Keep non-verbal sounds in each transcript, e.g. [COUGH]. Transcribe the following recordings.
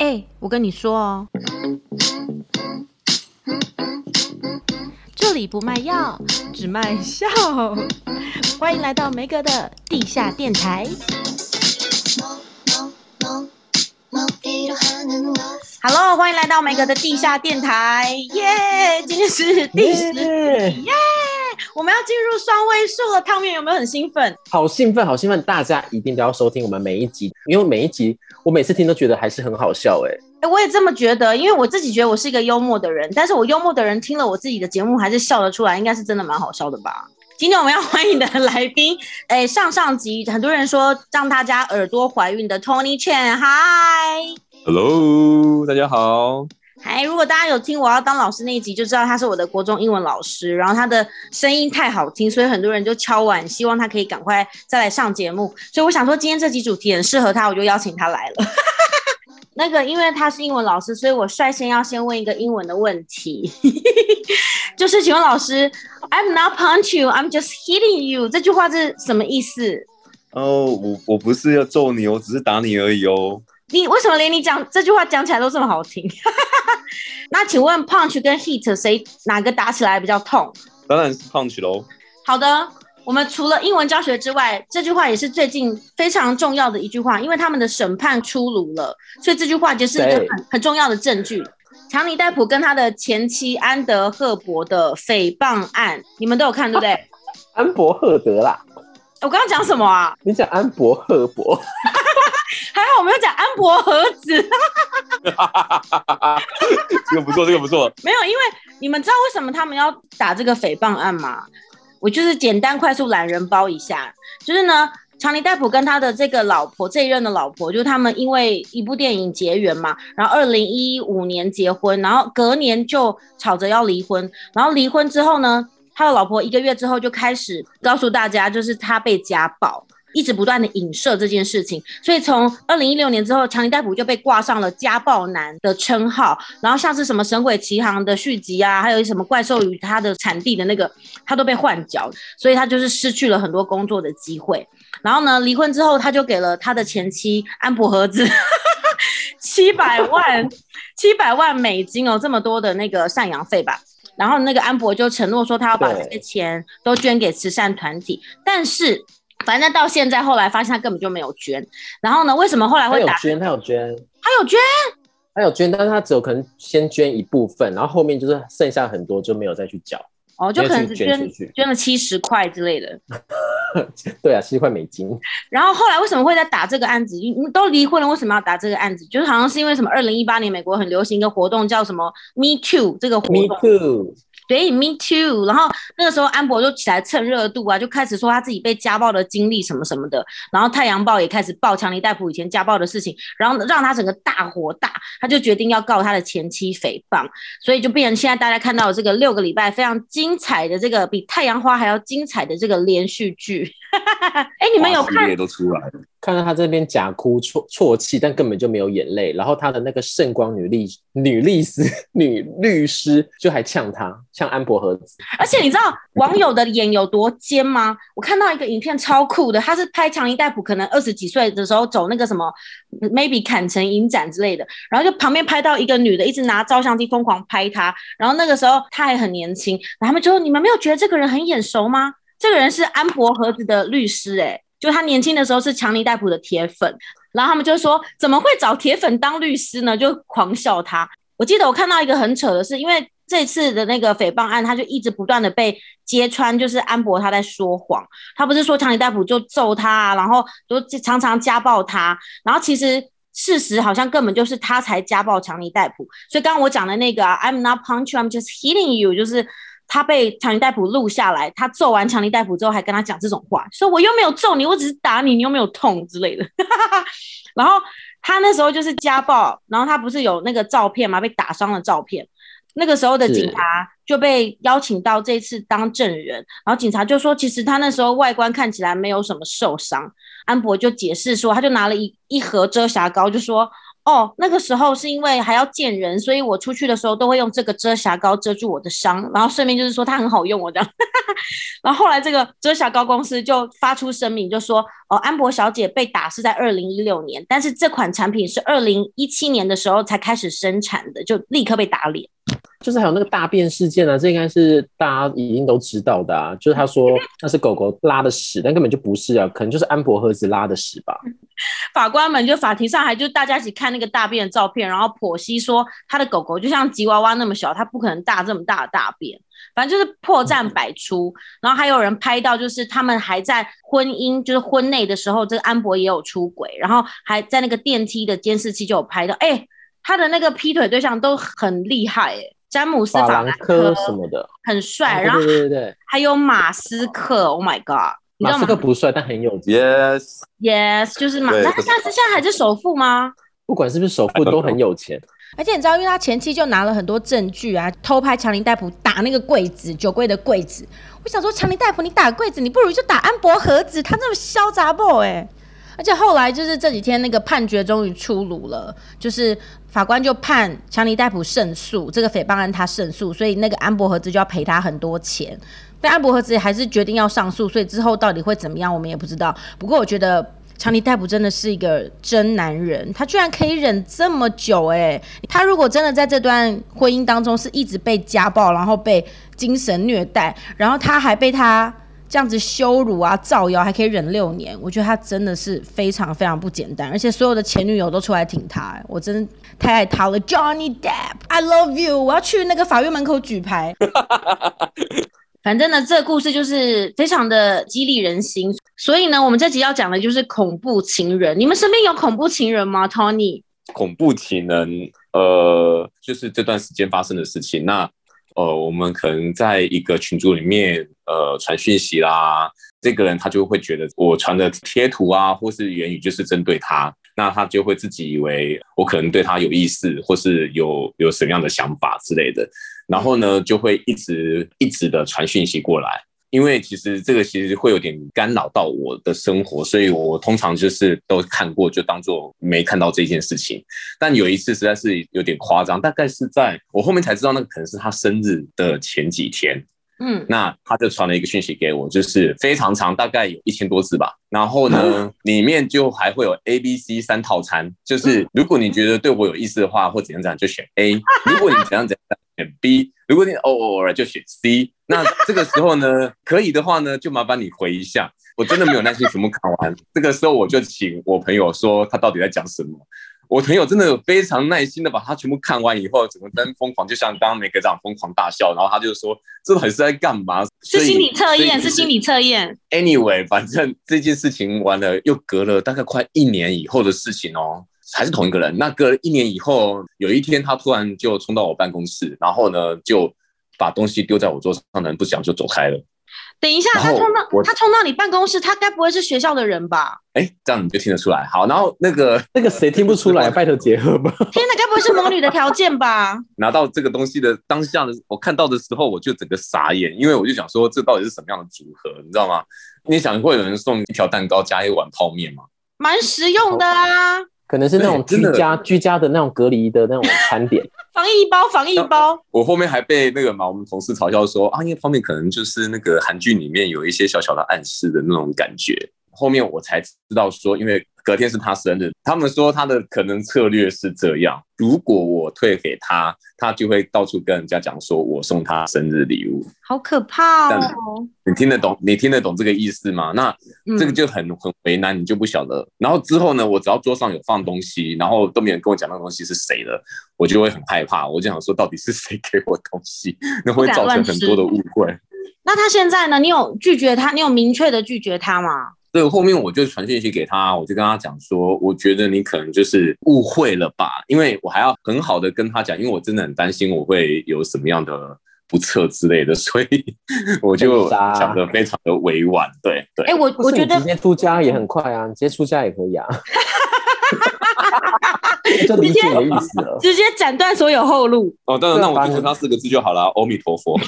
哎、欸，我跟你說哦，這裡不賣藥，只賣笑。歡迎來到梅哥的地下電台。Hello，歡迎來到梅哥的地下電台。耶、yeah，今天是第十集耶。Yeah. 我們要進入雙位數的湯圓，有沒有很興奮？好興奮，好興奮！大家一定都要收聽我們每一集，因為每一集我每次聽都覺得還是很好笑哎、欸欸。我也這麼覺得，因為我自己覺得我是一個幽默的人，但是我幽默的人聽了我自己的節目還是笑得出來，應該是真的蠻好笑的吧。今天我們要歡迎的來賓，哎、欸，上上集很多人說讓大家耳朵懷孕的 Tony Chen，Hi，Hello，大家好。哎，如果大家有聽我要當老師那一集，就知道他是我的國中英文老師。然後他的聲音太好聽，所以很多人就敲碗，希望他可以趕快再來上節目。所以我想說，今天這集主題很適合他，我就邀請他來了。 [LAUGHS] 那個，因為他是英文老師，所以我率先要先問一個英文的問題， [LAUGHS] 就是請問老師，I'm not punch you, I'm just hitting you，這句話是什麼意思？哦、oh,，我我不是要揍你，我只是打你而已哦。你為什麼連你講這句話講起來都這麼好聽？ [LAUGHS] 那請問 punch 跟 heat 誰哪個打起來比較痛？當然是 punch 咯。好的，我們除了英文教學之外，這句話也是最近非常重要的一句話，因為他們的審判出爐了，所以這句話就是一個很對很重要的證據。強尼戴普跟他的前妻安德赫伯的誹謗案，你們都有看對不對？啊、安博赫德啦，我剛剛講什麼啊？你講安博赫伯。 [LAUGHS] 還好我沒有講安博盒子 [LAUGHS] ， [LAUGHS] 這個不錯，這個不錯。沒有，因為你們知道為什麼他們要打這個誹謗案嗎？我就是簡單快速懶人包一下，就是呢，強尼戴普跟他的這個老婆這一任的老婆，就他們因為一部電影結緣嘛，然後二零一五年結婚，然後隔年就吵着要離婚，然後離婚之後呢，他的老婆一個月之後就開始告訴大家，就是他被家暴。一直不斷的影射這件事情，所以從二零一六年之後，強尼戴普就被掛上了家暴男的稱號。然後像是什麼《神鬼奇航》的續集啊，還有什麼《怪獸與他的產地》的那個，他都被換角，所以他就是失去了很多工作的機會。然後呢，離婚之後，他就給了他的前妻安博盒子七百萬七百 [LAUGHS] 萬美金哦，這麼多的那個贍養費吧。然後那個安博就承諾說，他要把這些錢都捐給慈善團體，對但是。反正到現在，後來發現他根本就沒有捐。然後呢，為什麼後來會打這個？他有捐，他有捐，他有捐，他有捐，但是他只有可能先捐一部分，然後後面就是剩下很多就沒有再去繳。哦，就可能捐捐、捐、捐了七十塊之類的。 [LAUGHS] 對啊，七塊美金。然後後來為什麼會再打這個案子？你都離婚了，為什麼要打這個案子？就是好像是因為什麼？二零一八年美國很流行一個活動，叫什麼 “Me Too” 這個活動。Me too. 對，me too。然後那個時候，安博就起來蹭熱度啊，就開始說他自己被家暴的經歷什麼什麼的。然後太陽報也開始爆強尼戴普以前家暴的事情，然後讓他整個大火大，他就決定要告他的前妻誹謗，所以就變成現在大家看到這個六個禮拜非常精彩的這個比太陽花還要精彩的這個連續劇。哎、 [LAUGHS] 欸，你們有看？都出來了。看到他這邊假哭、啜、啜泣，但根本就沒有眼淚。然後他的那個聖光女律女律師女律師就還嗆他，嗆安博盒子。而且你知道 [LAUGHS] 網友的眼有多尖嗎？我看到一個影片超酷的，他是拍強尼戴普，可能二十幾歲的時候走那個什麼，maybe 坎城影展之類的。然後就旁邊拍到一個女的一直拿照相機瘋狂拍他。然後那個時候他還很年輕，然後他們就說：“你們沒有覺得這個人很眼熟嗎？”這個人是安博盒子的律師，欸，哎，就他年輕的時候是強尼戴普的鐵粉，然後他們就說怎麼會找鐵粉當律師呢？就狂笑他。我記得我看到一個很扯的是，因為這次的那個誹謗案，他就一直不斷的被揭穿，就是安博他在說謊。他不是說強尼戴普就揍他，然後就常常家暴他，然後其實事實好像根本就是他才家暴強尼戴普。所以剛剛我講的那個，啊，I'm not punch, I'm just hitting you，就是。他被強尼戴普錄下來，他揍完強尼戴普之後還跟他講這種話，說我又沒有揍你，我只是打你，你又沒有痛之類的。 [LAUGHS] 然後他那時候就是家暴，然後他不是有那個照片嘛，被打傷的照片，那個時候的警察就被邀請到這一次當證人，是然後警察就說其實他那時候外觀看起來沒有什麼受傷。安博就解釋說，他就拿了一一盒遮瑕膏，就說。哦，那個時候是因為還要見人，所以我出去的時候都會用這個遮瑕膏遮住我的傷，然後順便就是說它很好用我、哦、這樣。 [LAUGHS] 然後後來這個遮瑕膏公司就發出聲明，就說哦，安博小姐被打是在二零一六年，但是這款產品是二零一七年的時候才開始生產的，就立刻被打臉。就是還有那個大便事件啊，這應該是大家已經都知道的啊。就是他說那是狗狗拉的屎，但根本就不是啊，可能就是安博盒子拉的屎吧、嗯。法官們就法庭上還就大家一起看那個大便的照片，然後婆媳說他的狗狗就像吉娃娃那麼小，它不可能大這麼大的大便，反正就是破綻百出。嗯、然後還有人拍到就是他們還在婚姻就是婚內的時候，這個安博也有出軌，然後還在那個電梯的監視器就有拍到，哎、欸，他的那個劈腿對象都很厲害、欸。詹姆斯、法蘭科，法蘭科什麼的很帥帥，然後對對對，還有馬斯克對對對對，Oh my god，馬斯克不帥但很有錢，Yes Yes，就是馬，那對他現在現在還是首富嗎？不管是不是首富，都很有錢。而且你知道，因為他前期就拿了很多證據啊，偷拍強尼戴普打那個櫃子，酒櫃的櫃子。我想說，強尼戴普，你打櫃子，你不如就打安博盒子，他那麼囂張不？哎。而且後來就是這幾天那個判決終於出爐了，就是法官就判強尼戴普勝訴，這個誹謗案他勝訴，所以那個安博盒子就要賠他很多錢。但安博盒子還是決定要上訴，所以之後到底會怎麼樣我們也不知道。不過我覺得強尼戴普真的是一個真男人，他居然可以忍這麼久誒、欸，他如果真的在這段婚姻當中是一直被家暴，然後被精神虐待，然後他還被他。這樣子羞辱啊，造謠還可以忍六年，我覺得他真的是非常非常不簡單，而且所有的前女友都出來挺他，哎，我真的太愛他了，Johnny Depp，I love you，我要去那個法院門口舉牌。 [LAUGHS] 反正呢，這個故事就是非常的激勵人心，所以呢，我們這集要講的就是恐怖情人，你們身邊有恐怖情人嗎？Tony，恐怖情人，呃，就是這段時間發生的事情，那呃，我們可能在一個群組裡面。呃，傳訊息啦，這個人他就會覺得我傳的貼圖啊，或是言語就是針對他，那他就會自己以為我可能對他有意思，或是有有什麼樣的想法之類的，然後呢，就會一直一直的傳訊息過來，因為其實這個其實會有點干擾到我的生活，所以我通常就是都看過就當做沒看到這件事情。但有一次實在是有點誇張，大概是在我後面才知道，那個可能是他生日的前幾天。嗯，那他就傳了一個訊息給我，就是非常長，大概有一千多字吧。然後呢，裡面就還會有 A、B、C 三套餐，就是如果你覺得對我有意思的話，或怎樣怎樣就選 A；如果你怎樣怎樣選 B； [LAUGHS] 如果你偶爾、哦哦哦哦、就選 C。那這個時候呢，可以的話呢，就麻煩你回一下，我真的沒有耐心全部看完。 [LAUGHS] 這個時候我就請我朋友說，他到底在講什麼。我朋友真的有非常耐心的把他全部看完以後，整個人瘋狂，就像剛剛梅格這樣瘋狂大笑，然後他就說：“這到底是在幹嘛？”是心理測驗，是心理測驗。Anyway，反正這件事情完了又隔了大概快一年以後的事情哦，還是同一個人。那隔了一年以後，有一天他突然就衝到我辦公室，然後呢就把東西丟在我桌上，那人不想就走開了。等一下，後他衝到我他衝到你辦公室，他該不會是學校的人吧？哎，這樣你就聽得出來。好，然後那個那個誰聽不出來，呃、拜託結合吧。天哪，該不會是魔女的條件吧？拿到這個東西的當下的，我看到的時候我就整個傻眼，因為我就想說這到底是什麼樣的組合，你知道嗎？你想過有人送一條蛋糕加一碗泡麵嗎？蠻實用的啊。哦可能是那種居家居家的那種隔離的那種餐點， [LAUGHS] 防疫包、防疫包。我後面還被那個嘛，我們同事嘲笑說啊，因為旁邊可能就是那個韓劇裡面有一些小小的暗示的那種感覺。後面我才知道說，因為。隔天是他生日，他們說他的可能策略是這樣：如果我退給他，他就會到處跟人家講說我送他生日禮物，好可怕哦！你聽得懂？你聽得懂這個意思嗎？那這個就很、嗯、很為難，你就不曉得。然後之後呢，我只要桌上有放東西，然後都沒人跟我講那東西是誰的，我就會很害怕。我就想說，到底是誰給我東西？那會造成很多的誤會。那他現在呢？你有拒絕他？你有明確的拒絕他嗎？所以後面我就傳信息給他，我就跟他講說，我覺得你可能就是誤會了吧，因為我還要很好的跟他講，因為我真的很擔心我會有什麼樣的不測之類的，所以我就講得非常的委婉。對對，哎、欸，我我覺得直接出家也很快啊，你直接出家也可以啊，就挺有意思的，直接斬斷所有後路。哦，當然，對那我提醒他四個字就好了，阿彌陀佛。 [LAUGHS]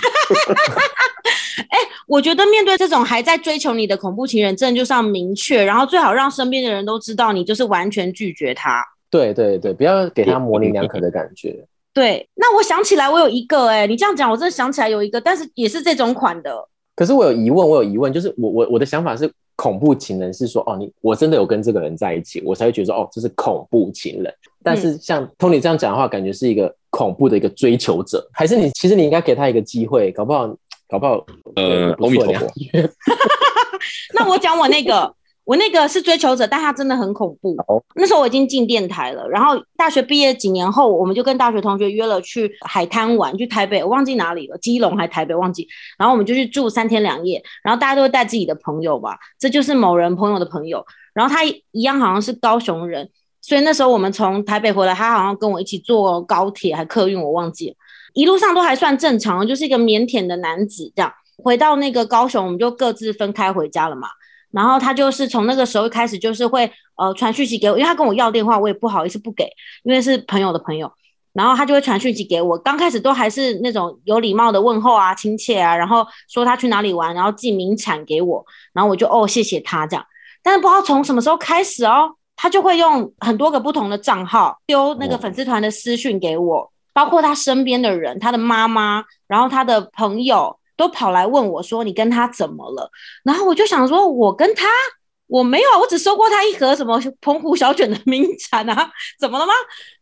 哎、欸，我覺得面對這種還在追求你的恐怖情人，真的就是要明確，然後最好讓身邊的人都知道你就是完全拒絕他。對對對，不要給他模棱兩可的感覺。對，那我想起來，我有一個哎、欸，你這樣講，我真的想起來有一個，但是也是這種款的。可是我有疑問，我有疑問，就是我我我的想法是，恐怖情人是說哦，你我真的有跟這個人在一起，我才會覺得說哦，這是恐怖情人。但是像 Tony、嗯、這樣講的話，感覺是一個恐怖的一個追求者，還是你其實你應該給他一個機會，搞不好。好不好？呃，阿彌陀佛。 [LAUGHS] 那我講我那個，我那個是追求者，但他真的很恐怖。 [LAUGHS] 那時候我已經進電台了。然後大學畢業幾年後，我們就跟大學同學約了去海灘玩，去台北，我忘記哪裡了，基隆還台北忘記。然後我們就去住三天兩夜。然後大家都會帶自己的朋友吧，這就是某人朋友的朋友。然後他一樣好像是高雄人，所以那時候我們從台北回來，他好像跟我一起坐高鐵還客運，我忘記了。一路上都還算正常，就是一個靦腆的男子這樣。回到那個高雄，我們就各自分開回家了嘛。然後他就是從那個時候開始，就是會呃傳訊息給我，因為他跟我要電話，我也不好意思不給，因為是朋友的朋友。然後他就會傳訊息給我，剛開始都還是那種有禮貌的問候啊，親切啊，然後說他去哪裡玩，然後寄名產給我，然後我就哦謝謝他這樣。但是不知道從什麼時候開始哦，他就會用很多個不同的賬號丟那個粉絲團的私訊給我。嗯包括他身邊的人，他的媽媽，然後他的朋友都跑來問我，說你跟他怎麼了？然後我就想說，我跟他我沒有啊，我只收過他一盒什麼澎湖小卷的名產啊，怎麼了嗎？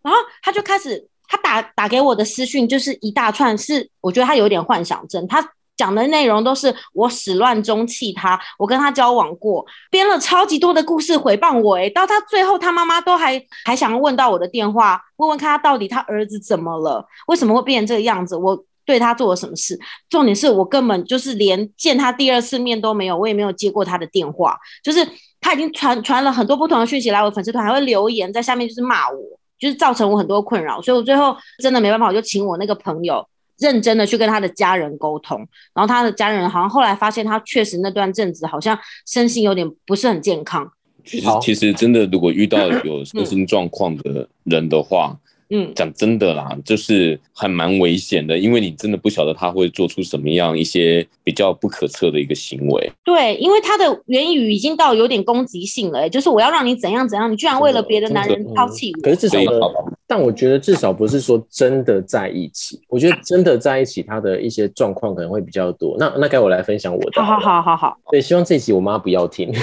然後他就開始他打打給我的私訊就是一大串是，是我覺得他有點幻想症，他。講的內容都是我始亂終棄他，我跟他交往過，編了超級多的故事毀謗我誒。到他最後他媽媽都還還想要問到我的電話，問問看他到底他兒子怎麼了，為什麼會變成這個樣子，我對他做了什麼事？重點是我根本就是連見他第二次面都沒有，我也沒有接過他的電話，就是他已經傳傳了很多不同的訊息來我粉絲團，還會留言在下面就是罵我，就是造成我很多困擾，所以我最後真的沒辦法，我就請我那個朋友認真的去跟他的家人溝通，然後他的家人好像後來發現他確實那段陣子好像身心有點不是很健康。其實好，其實真的，如果遇到有身心狀況的人的話。咳咳嗯嗯，講真的啦，就是還蠻危險的，因為你真的不曉得他會做出什麼樣一些比較不可測的一個行為。對，因為他的言語已經到有點攻擊性了，欸，就是我要讓你怎樣怎樣，你居然為了別的男人拋棄我，嗯。可是至少，好吧。但我覺得至少不是說真的在一起。我覺得真的在一起，他的一些狀況可能會比較多。那那該我來分享我的好。好好好好好。對，希望這一集我媽不要聽。 [LAUGHS]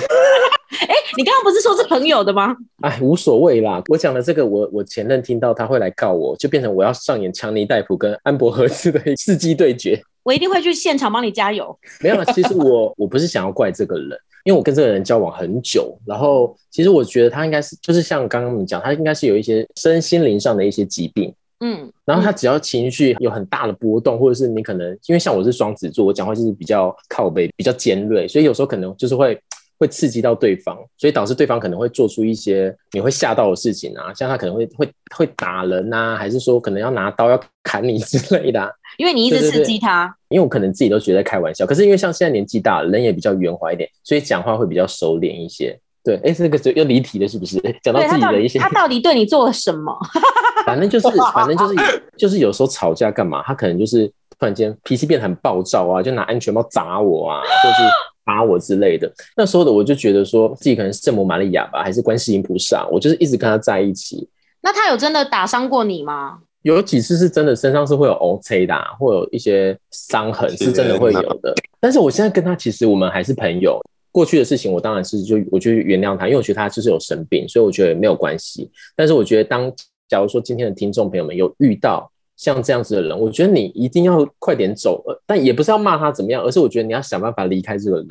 哎，你剛剛不是說是朋友的嗎？哎，無所謂啦。我講的這個，我我前任聽到他會來告我，就變成我要上演強尼戴普跟安博和斯的世紀對決。我一定會去現場幫你加油。 [LAUGHS] 沒有，其實我我不是想要怪這個人，因為我跟這個人交往很久，然後其實我覺得他應該是就是像剛剛你講，他應該是有一些身心靈上的一些疾病。嗯，然後他只要情緒有很大的波動，或者是你可能因為像我是雙子座，我講話就是比較靠背、比較尖銳，所以有時候可能就是會。會刺激到對方，所以導致對方可能會做出一些你會嚇到的事情啊，像他可能會會會打人啊，還是說可能要拿刀要砍你之類的啊。因為你一直刺激他對對對，因為我可能自己都覺得開玩笑，可是因為像現在年紀大了，人也比較圓滑一點，所以講話會比較熟練一些。對，哎、欸，這個又離題了，是不是？講、欸、到自己的一些他，他到底對你做了什麼？ [LAUGHS] 反正就是，反正就是，就是有時候吵架幹嘛，他可能就是突然間脾氣變得很暴躁啊，就拿安全帽砸我啊，或、就是。 [LAUGHS] 打我之類的，那時候的我就覺得說自己可能是聖母瑪利亞吧，還是觀世音菩薩，我就是一直跟他在一起。那他有真的打傷過你嗎？有幾次是真的，身上是會有烏青的，或有一些傷痕，是真的會有的。是的，但是我現在跟他其實我們還是朋友，過去的事情我當然是就我就原諒他，因為我覺得他就是有生病，所以我覺得沒有關係。但是我覺得當假如說今天的聽眾朋友們有遇到，像這樣子的人，我覺得你一定要快點走了。但也不是要罵他怎麼樣，而是我覺得你要想辦法離開這個人。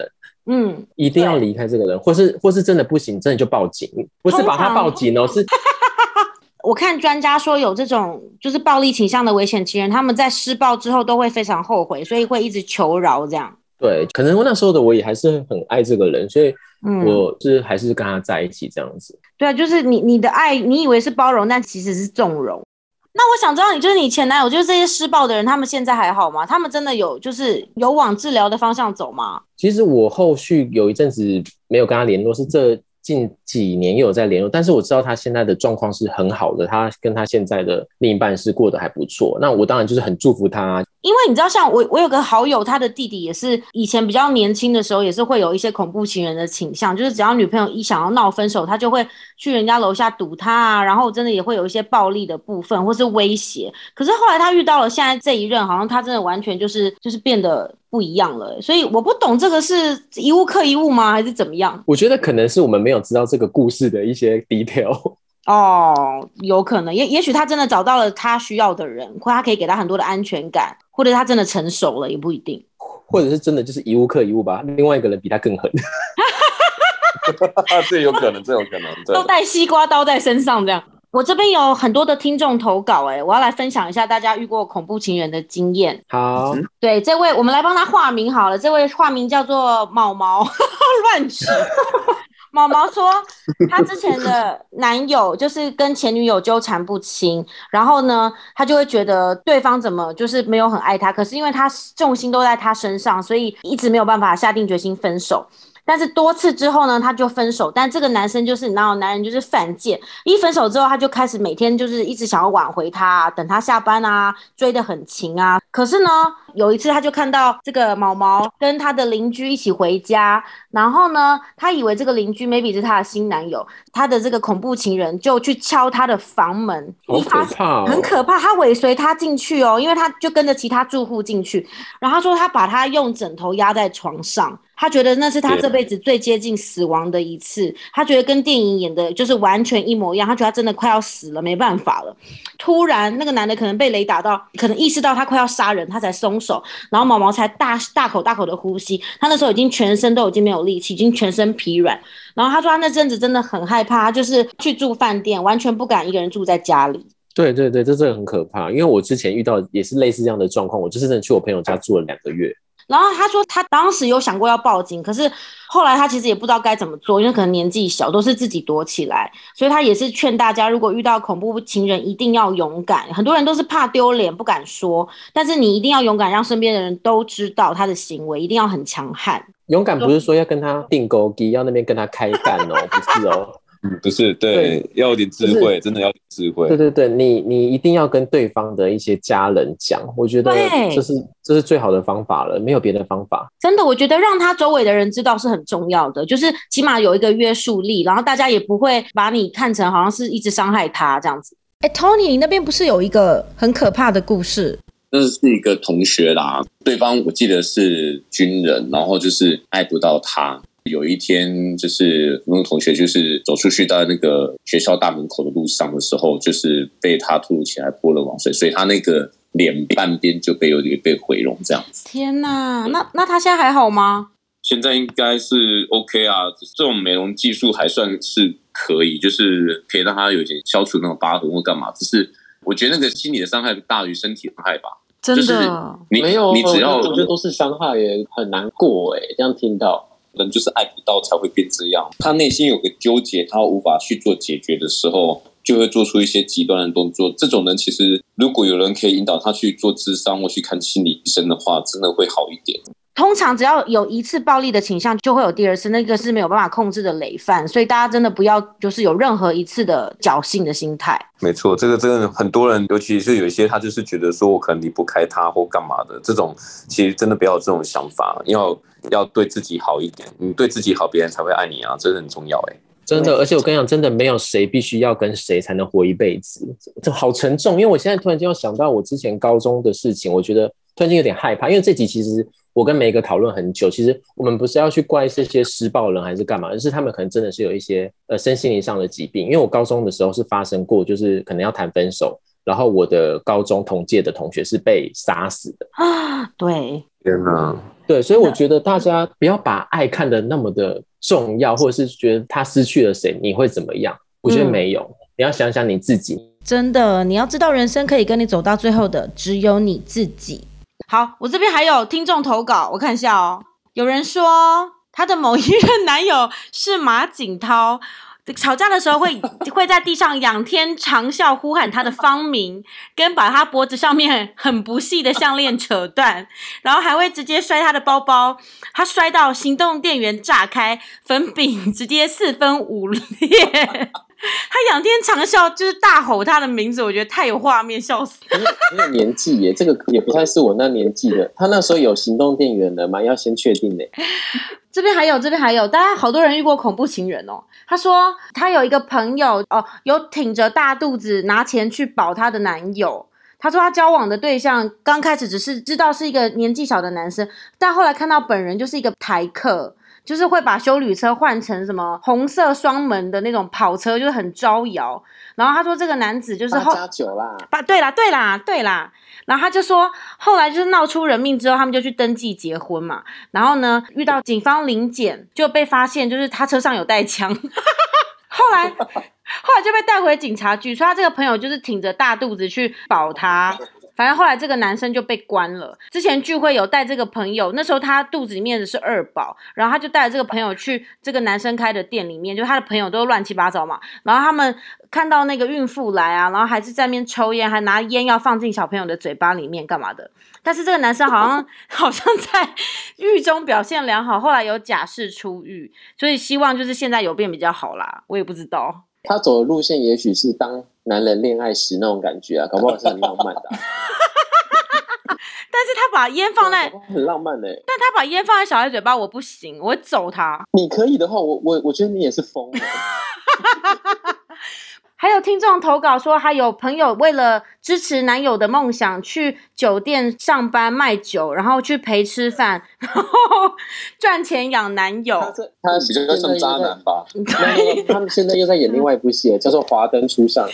嗯，一定要離開這個人，對或是，或是真的不行，真的就報警，不是把他報警哦。是，我看專家說有這種就是暴力傾向的危險情人，他們在施暴之後都會非常後悔，所以會一直求饒這樣。對，可能我那時候的我也還是很愛這個人，所以我是還是跟他在一起這樣子。嗯、對啊，就是你、你的愛，你以為是包容，但其實是縱容。那我想知道，你就是你前男友，就是這些施暴的人，他們現在還好嗎？他們真的有就是有往治療的方向走嗎？其實我後續有一陣子沒有跟他聯絡，是這近幾年又有在聯絡，但是我知道他現在的狀況是很好的，他跟他現在的另一半是過得還不錯。那我當然就是很祝福他。因為你知道，像我，我有個好友，他的弟弟也是以前比較年輕的時候，也是會有一些恐怖情人的傾向，就是只要女朋友一想要鬧分手，他就會去人家樓下堵他啊，然後真的也會有一些暴力的部分或是威脅。可是後來他遇到了現在這一任，好像他真的完全就是就是變得不一樣了欸，所以我不懂這個是一物克一物嗎，還是怎麼樣？我覺得可能是我們沒有知道這個故事的一些 detail。 [LAUGHS] 哦，有可能，也也許他真的找到了他需要的人，或他可以給他很多的安全感，或者他真的成熟了，也不一定。或者是真的就是一物克一物吧，另外一個人比他更狠。哈哈哈哈哈，這有可能，這有可能。都帶西瓜刀在身上，這樣。我這邊有很多的聽眾投稿、欸，哎，我要來分享一下大家遇過恐怖情人的經驗。好，對，這位，我們來幫他化名好了，這位化名叫做毛毛亂 [LAUGHS] 亂吃。 [LAUGHS] 毛毛說，他之前的男友就是跟前女友糾纏不清，然後呢，他就會覺得對方怎麼就是沒有很愛他，可是因為他重心都在他身上，所以一直沒有辦法下定決心分手。但是多次之後呢，他就分手。但這個男生就是你知道，男人就是犯賤。一分手之後，他就開始每天就是一直想要挽回他，等他下班啊，追得很勤啊。可是呢，有一次他就看到這個毛毛跟他的鄰居一起回家，然後呢，他以為這個鄰居 maybe 是他的新男友，他的這個恐怖情人，就去敲他的房門，好可怕哦，很可怕。他尾隨他進去哦，因為他就跟着其他住戶進去，然後說他把他用枕頭壓在床上。他覺得那是他這輩子最接近死亡的一次，對他覺得跟電影演的就是完全一模一樣，他覺得他真的快要死了，沒辦法了。突然，那個男的可能被雷打到，可能意識到他快要殺人，他才鬆手，然後毛毛才大大口大口的呼吸。他那時候已經全身都已經沒有力氣，已經全身疲軟。然後他說他那陣子真的很害怕，就是去住飯店，完全不敢一個人住在家裡。對對對，這真的很可怕。因為我之前遇到也是類似這樣的狀況，我就是真的去我朋友家住了兩個月。然後他說，他當時有想過要報警，可是後來他其實也不知道該怎麼做，因為可能年紀小，都是自己躲起來。所以他也是勸大家，如果遇到恐怖情人，一定要勇敢。很多人都是怕丟臉不敢說，但是你一定要勇敢，讓身邊的人都知道他的行為，一定要很強悍。勇敢不是說要跟他釘孤枝， [LAUGHS] 要那邊跟他開幹哦，不是哦。 [LAUGHS] 嗯，不是，對，對，要有點智慧，是真的要有點智慧。對對對，你你一定要跟對方的一些家人講，我覺得這是對這是最好的方法了，沒有別的方法。真的，我覺得讓他周圍的人知道是很重要的，就是起碼有一個約束力，然後大家也不會把你看成好像是一直傷害他這樣子。哎，Tony，你那邊不是有一個很可怕的故事？這是是一個同學啦，對方我記得是軍人，然後就是愛不到他。有一天，就是那個同學，就是走出去到那個學校大門口的路上的時候，就是被他突如其來潑了冷水，所以他那個臉半邊就被有點被毀容這樣子。天哪、啊，那那他現在還好嗎？現在應該是 OK 啊，這種美容技術還算是可以，就是可以讓他有點消除那種疤痕或幹嘛。只是我覺得那個心理的傷害大於身體傷害吧。真的，你沒有你只要我覺得都是傷害，也很難過哎、欸。這樣聽到。人就是愛不到才會變這樣，他內心有個糾結，他無法去做解決的時候，就會做出一些極端的動作。這種人其實，如果有人可以引導他去做諮商或去看心理醫生的話，真的會好一點。通常只要有一次暴力的傾向，就會有第二次，那個是沒有辦法控制的累犯，所以大家真的不要就是有任何一次的僥倖的心態。沒錯，這個真的很多人，尤其是有一些他就是覺得說我可能離不開他或幹嘛的，這種其實真的不要有這種想法，要要對自己好一點。你對自己好，別人才會愛你啊，真的很重要，欸。哎，真的，而且我跟你講，真的沒有誰必須要跟誰才能活一輩子，這好沉重。因為我現在突然間想到我之前高中的事情，我覺得突然間有點害怕，因為這集其實。我跟梅格討論很久，其實我們不是要去怪這些施暴人還是幹嘛，而是他們可能真的是有一些呃身心靈上的疾病。因為我高中的時候是發生過，就是可能要談分手，然後我的高中同屆的同學是被殺死的啊！對，天吶哪，對，所以我覺得大家不要把愛看得那麼的重要，嗯、或者是覺得他失去了誰你會怎麼樣？我覺得沒有，嗯、你要想想你自己，真的，你要知道人生可以跟你走到最後的只有你自己。好，我這邊還有聽眾投稿，我看一下哦。有人說她的某一任男友是馬景濤，吵架的時候會會在地上仰天長嘯呼喊他的芳名，跟把他脖子上面很不細的項鏈扯斷，然後還會直接摔他的包包，他摔到行動電源炸開，粉餅直接四分五裂。他仰天長笑，就是大吼他的名字，我覺得太有畫面，笑死了。那年紀耶， [LAUGHS] 這個也不太是我那年紀的。他那時候有行動電源的嗎？要先確定咧。這邊還有，這邊還有，大家好多人遇過恐怖情人哦。他說他有一個朋友哦，有挺着大肚子拿錢去保她的男友。他說他交往的對象剛開始只是知道是一個年紀小的男生，但後來看到本人就是一個台客。就是會把休旅車換成什麼紅色雙門的那種跑車，就是很招搖。然後他說這個男子就是喝酒啦，把對啦對啦對啦。然後他就說後來就是鬧出人命之後，他們就去登記結婚嘛。然後呢，遇到警方臨檢就被發現，就是他車上有帶槍。 [LAUGHS] 後來後來就被帶回警察局，所以他這個朋友就是挺着大肚子去保他。反正後，後來這個男生就被關了。之前聚會有帶這個朋友，那時候他肚子裡面的是二寶，然後他就帶這個朋友去這個男生開的店裡面，就他的朋友都亂七八糟嘛。然後他們看到那個孕婦來啊，然後還是在那邊抽煙，還拿煙要放進小朋友的嘴巴裡面幹嘛的。但是這個男生好像好像在獄中表現良好，後來有假釋出獄，所以希望就是現在有變比較好啦。我也不知道他走的路線，也許是當。男人戀愛時那種感覺啊，搞不好是很浪漫的。但是他把煙放在很浪漫的， [LAUGHS] 但他把煙放在小孩嘴巴，我不行，我會走他。你可以的話，我我我覺得你也是瘋的。 [LAUGHS] [LAUGHS] 還有聽眾投稿說，還有朋友為了支持男友的夢想，去酒店上班賣酒，然後去陪吃飯，然後賺錢養男友。他他比較像渣男吧？他們、嗯、他們現在又在演另外一部戲， [LAUGHS] 叫做《華燈初上》。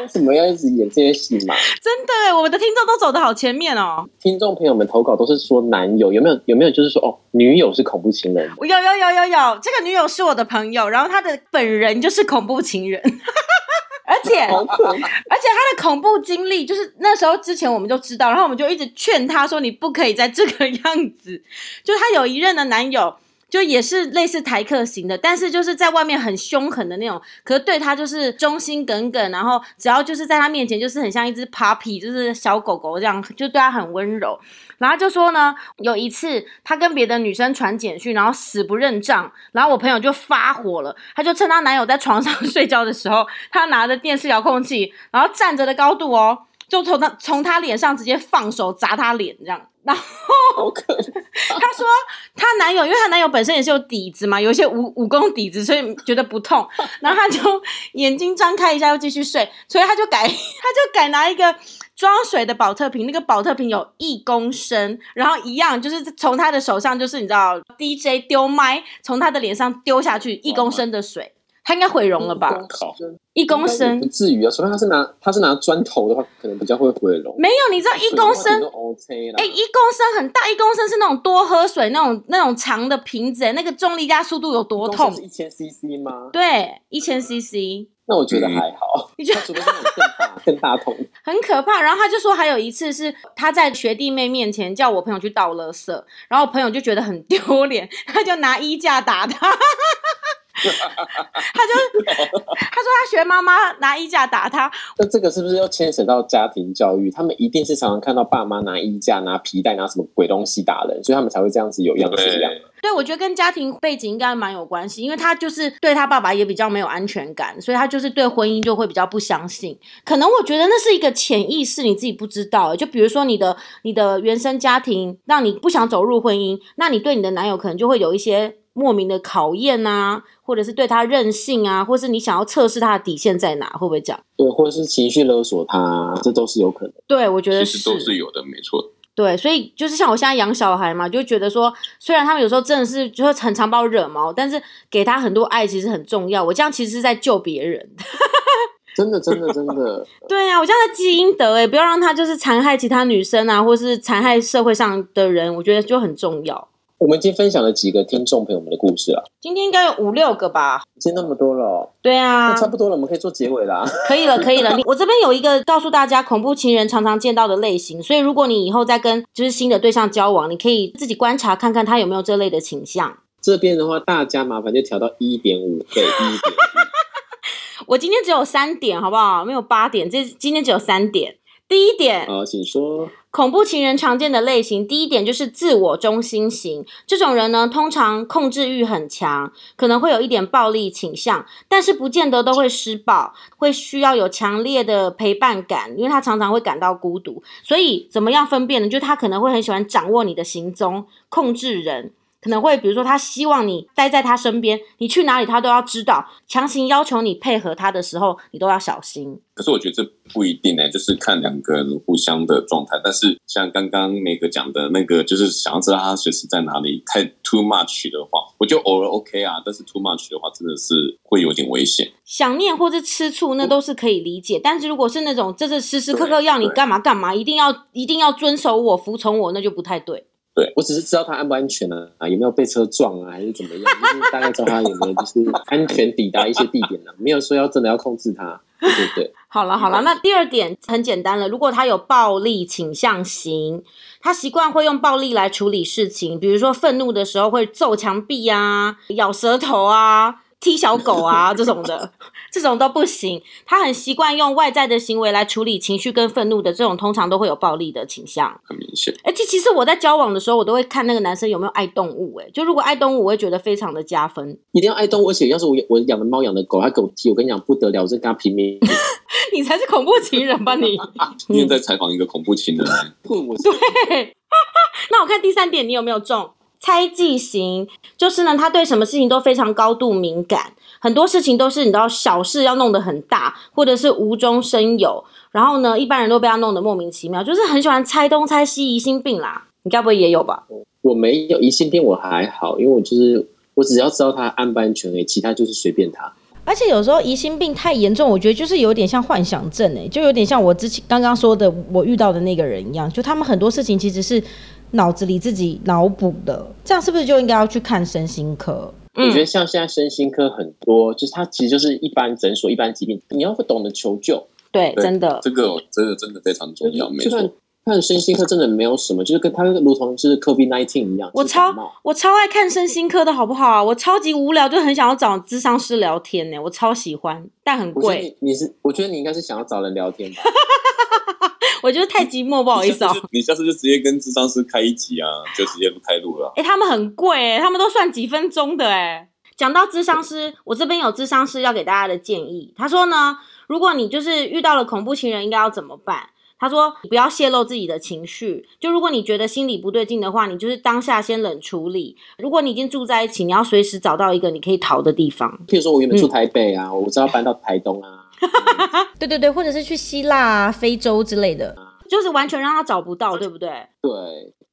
為什麼要一直演這些戲嘛？真的，我們的聽眾都走得好前面哦！聽眾朋友們投稿都是說男友有沒有有沒有就是說哦，女友是恐怖情人？我有有有有有，這個女友是我的朋友，然後她的本人，人就是恐怖情人， [LAUGHS] 而且，啊、而且他的恐怖經歷就是那時候之前我們就知道，然後我們就一直勸他說，你不可以再這個樣子，就他有一任的男友。就也是類似台客型的，但是就是在外面很凶狠的那種，可是對他就是忠心耿耿，然後只要就是在他面前就是很像一隻 puppy，就是小狗狗這樣，就對他很溫柔。然後就說呢，有一次他跟別的女生傳簡訊，然後死不認賬，然後我朋友就發火了，他就趁她男友在床上睡覺的時候，他拿着電視遙控器，然後站着的高度哦，就從他從他臉上直接放手砸他臉這樣。 [LAUGHS] 然後，他說他男友，因為他男友本身也是有底子嘛，有一些武武功底子，所以覺得不痛。然後他就眼睛張開一下，又繼續睡。所以他就改，他就改拿一個裝水的寶特瓶，那個寶特瓶有一公升，然後一樣就是從他的手上，就是你知道 DJ 丟麥，從他的臉上丟下去一公升的水。他應該毀容了吧？嗯，公啊、一公升不至於啊，除非他是拿他是拿磚頭的話，可能比較會毀容。沒有，你知道一公升？哎、欸，一公升很大，一公升是那種多喝水那種那種長的瓶子，欸，那個重力加速度有多痛？一千 CC 嗎？對，一千 CC。那我覺得還好，你覺就得是那是更大更大桶。 [LAUGHS] 很可怕。然後他就說，還有一次是他在學弟妹面前叫我朋友去倒垃圾，然後我朋友就覺得很丟臉，他就拿衣架打他。 [LAUGHS] [LAUGHS] 他就 [LAUGHS] 他說他學媽媽拿衣架打他，那這個是不是又牽扯到家庭教育？他們一定是常常看到爸媽拿衣架、拿皮帶、拿什麼鬼東西打人，所以他們才會這樣子有樣學樣。對，對，對，對，我覺得跟家庭背景應該蠻有關係，因為他就是對他爸爸也比較沒有安全感，所以他就是對婚姻就會比較不相信。可能我覺得那是一個潛意識，你自己不知道。就比如說你的你的原生家庭讓你不想走入婚姻，那你對你的男友可能就會有一些。莫名的考驗啊，或者是對他任性啊，或是你想要測試他的底線在哪？會不會這樣？對，或者是情緒勒索他，這都是有可能。對，我覺得是其實都是有的，沒錯。對，所以就是像我現在養小孩嘛，就覺得說，雖然他們有時候真的是，就是很常把我惹毛，但是給他很多愛其實很重要。我這樣其實是在救別人， [LAUGHS] 真的，真的，真的。 [LAUGHS] 對啊，我這樣在積陰德誒，不要讓他就是殘害其他女生啊，或是殘害社會上的人，我覺得就很重要。我們已經分享了幾個聽眾朋友們的故事了，今天應該有五六個吧，已經那麼多了，對啊，差不多了，我們可以做結尾啦，可以了，可以了。我這邊有一個告訴大家，恐怖情人常常見到的類型，所以如果你以後再跟就是新的對象交往，你可以自己觀察看看他有沒有這類的傾向。這邊的話，大家麻煩就調到一點五倍，對，一點。 [LAUGHS] 我今天只有三點，好不好？沒有八點，這今天只有三點。第一點啊，請說恐怖情人常見的類型。第一點就是自我中心型，這種人呢，通常控制欲很強，可能會有一點暴力傾向，但是不見得都會施暴，會需要有強烈的陪伴感，因為他常常會感到孤獨。所以，怎麼樣分辨呢？就他可能會很喜歡掌握你的行蹤，控制人。可能會，比如說他希望你待在他身邊，你去哪裡他都要知道，強行要求你配合他的時候，你都要小心。可是我覺得這不一定哎、欸，就是看兩個人互相的狀態。但是像剛剛那個講的那個，就是想要知道他隨時在哪裡，太 too much 的話，我就偶爾 OK 啊。但是 too much 的話，真的是會有點危險。想念或是吃醋那都是可以理解，我但是如果是那種，就是時時刻刻要你幹嘛幹嘛，一定要一定要遵守我、服從我，那就不太對。對，我只是知道他安不安全呢、啊？啊，有沒有被車撞啊？還是怎麼樣？就是大概知道他有沒有就是安全抵達一些地點呢、啊？ [LAUGHS] 沒有說要真的要控制他。對對對。好了好了，那第二點很簡單了。如果他有暴力傾向型，他習慣會用暴力來處理事情，比如說憤怒的時候會揍牆壁啊、咬舌頭啊。踢小狗啊，這種的， [LAUGHS] 這種都不行。他很習慣用外在的行為來處理情緒跟憤怒的，這種通常都會有暴力的傾向。很明顯。哎，其實我在交往的時候，我都會看那個男生有沒有愛動物、欸。哎，就如果愛動物，我會覺得非常的加分。一定要愛動物，而且要是我我養的貓養的狗，他狗踢我，我跟你講不得了，我就跟他拼命。 [LAUGHS] 你才是恐怖情人吧你？你也 [LAUGHS] 在採訪一個恐怖情人？不，我對。 [LAUGHS] 那我看第三點，你有沒有中？猜忌型，就是呢，他對什麼事情都非常高度敏感，很多事情都是你知道小事要弄得很大，或者是無中生有。然後呢，一般人都被他弄得莫名其妙，就是很喜歡猜東猜西，疑心病啦。你該不會也有吧？我沒有疑心病，我還好，因為我就是我只要知道他安不安全欸，其他就是隨便他。而且有時候疑心病太嚴重，我覺得就是有點像幻想症呢，欸，就有點像我之前剛剛說的我遇到的那個人一樣，就他們很多事情其實是。腦子裡自己腦補的，這樣是不是就應該要去看身心科？嗯、我覺得像現在身心科很多，就是它其實就是一般診所，一般疾病，你要會懂得求救。對，真的，這個真、哦、的、這個、真的非常重要。嗯、沒錯錯，看身心科真的沒有什麼，就是跟它如同就是 COVID 19一樣。我超我超愛看身心科的好不好、啊、我超級無聊，就很想要找諮商師聊天呢、欸，我超喜歡，但很貴。你是？我覺得你應該是想要找人聊天吧。 [LAUGHS] [LAUGHS] 我覺得太寂寞，不好意思啊、喔。你下次就直接跟諮商師開一集啊,就直接開錄了。哎、欸，他們很貴、欸，他們都算幾分鐘的哎、欸。講到諮商師，對我這邊有諮商師要給大家的建議。他說呢，如果你就是遇到了恐怖情人，應該要怎麼辦？他說，你不要洩露自己的情緒，就如果你覺得心裡不對勁的話，你就是當下先冷處理。如果你已經住在一起，你要隨時找到一個你可以逃的地方。譬如說我原本住台北啊，嗯、我不知道搬到台東啊。 [LAUGHS] 嗯、對對對，或者是去希臘、非洲之類的，就是完全讓他找不到，對不對？對。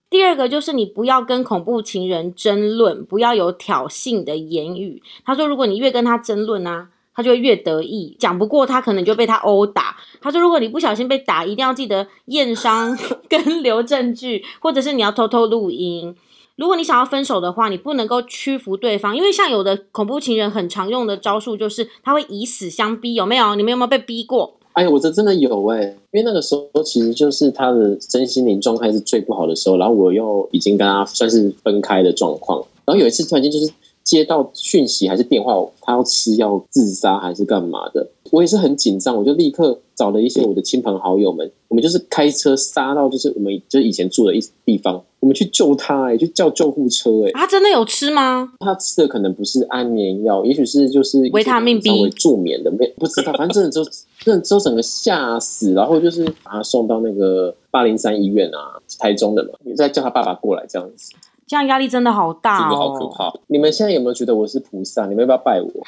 第二個就是你不要跟恐怖情人爭論，不要有挑釁的言語。他說，如果你越跟他爭論呢、啊，他就會越得意。講不過他，可能就被他毆打。他說，如果你不小心被打，一定要記得驗傷跟留證據，或者是你要偷偷錄音。如果你想要分手的話，你不能夠屈服對方，因為像有的恐怖情人很常用的招數就是他會以死相逼，有沒有？你們有沒有被逼過？哎呀，我這真的有哎、欸，因為那個時候其實就是他的身心靈狀態是最不好的時候，然後我又已經跟他算是分開的狀況，然後有一次突然間就是接到訊息還是電話，他要吃藥要自殺還是幹嘛的？我也是很緊張，我就立刻找了一些我的親朋好友們，我們就是開車殺到，就是我們就是以前住的一地方，我們去救他、欸，哎，去叫救護車、欸，哎、啊，他真的有吃嗎？他吃的可能不是安眠藥，也許是就是維他命 B 稍微助眠的，沒不知道，反正真的都真的都整個嚇死，然後就是把他送到那個八零三醫院啊，台中的嘛，再叫他爸爸過來這樣子，這樣壓力真的好大哦，真的好可怕。你們現在有沒有覺得我是菩薩？你們要不要拜我？ [LAUGHS]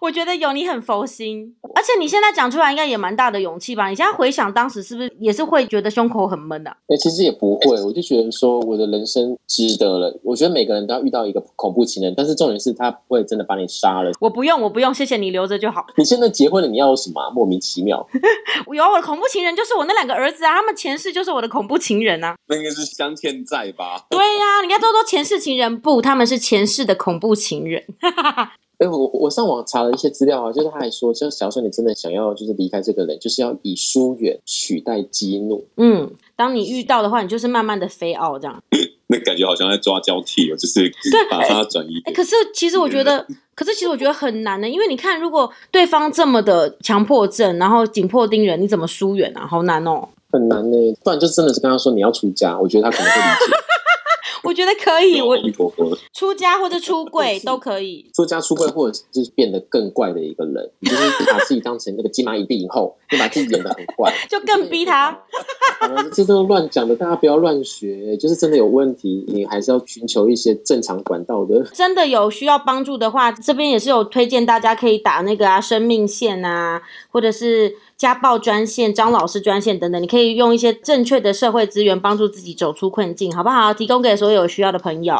我覺得有你很佛心，而且你現在講出來應該也蠻大的勇氣吧？你現在回想當時是不是也是會覺得胸口很悶的、啊？哎、欸，其實也不會，我就覺得說我的人生值得了。我覺得每個人都要遇到一個恐怖情人，但是重點是他不會真的把你殺了。我不用，我不用，謝謝你留着就好。你現在結婚了，你要有什麼、啊？莫名其妙。 [LAUGHS] 有、啊、我的恐怖情人就是我那兩個兒子啊，他們前世就是我的恐怖情人啊。那應該是相欠債吧？對呀、啊，人家都說前世情人不，他們是前世的恐怖情人。 [LAUGHS] 哎、欸，我我上網查了一些資料啊，就是他還說，就假如說你真的想要就是離開這個人，就是要以疏遠取代激怒。嗯，當你遇到的話，你就是慢慢的飛傲這樣、嗯。那感覺好像在抓交替哦，就是他對，把它轉移。哎，可是其實我覺得，了可是其實我覺得很難的、欸，因為你看，如果對方這麼的強迫症，然後緊迫盯人，你怎麼疏遠啊？好難哦、喔，很難呢、欸。不然就真的是跟他說你要出家，我覺得他可能會理解。 [LAUGHS] 我覺得可以，我出家或者出櫃都可以，出家出櫃或者就是變得更怪的一個人，就是把自己當成那個金馬影帝影後，就把自己演的很怪，就更逼他。這都亂講的，大家不要亂學，就是真的有問題，你還是要尋求一些正常管道的。真的有需要幫助的話，這邊也是有推薦，大家可以打那個啊生命線啊，或者是家暴專線、張老師專線等等，你可以用一些正確的社會資源幫助自己走出困境，好不好？提供給所有。都有需要的朋友，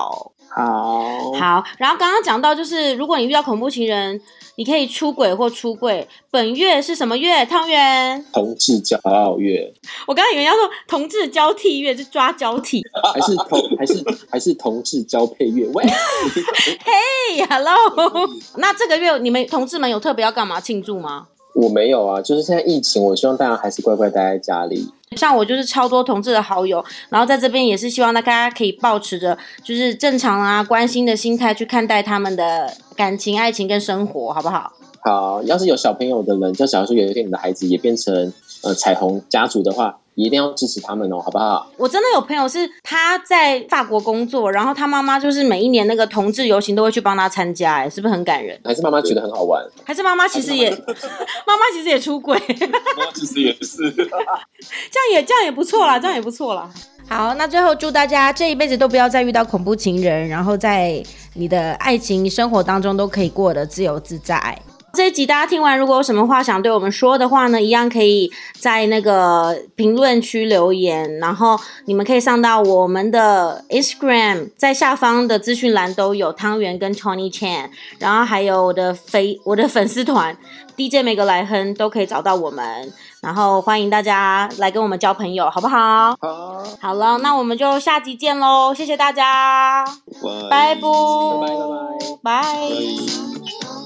好好。然後剛剛講到，就是如果你遇到恐怖情人，你可以出軌或出櫃。本月是什麼月？湯圓，同志驕傲月。我剛剛以為要說同志交替月，就抓交替，還是同，還是還是同志交配月？喂，嘿、 [LAUGHS] hey,，hello。志那這個月你們同志們有特別要幹嘛慶祝嗎？我沒有啊，就是現在疫情，我希望大家還是乖乖待在家裡。像我就是超多同志的好友，然後在這邊也是希望大家可以保持着就是正常啊，關心的心態去看待他們的感情、愛情跟生活，好不好？好，要是有小朋友的人，就想要說有一天你的孩子也變成呃彩虹家族的話。你一定要支持他們哦，好不好？我真的有朋友是他在法國工作，然後他媽媽就是每一年那個同志遊行都會去幫他參加，哎，是不是很感人？還是媽媽覺得很好玩？對還是媽媽其實也，媽媽其實也出軌？媽媽其實也是， [LAUGHS] 這樣也這樣也不錯啦，這樣也不錯啦。嗯、好，那最後祝大家這一輩子都不要再遇到恐怖情人，然後在你的愛情生活當中都可以過得自由自在。這一集大家聽完，如果有什麼話想對我們說的話呢，一樣可以在那個評論區留言，然後你們可以上到我們的 Instagram，在下方的資訊欄都有湯圓跟 Tony Chen，然後還有我的粉我的粉絲團 DJ 梅格來哼都可以找到我們，然後歡迎大家來跟我們交朋友，好不好？好，好了，那我們就下集見嘍，謝謝大家，拜拜拜拜拜。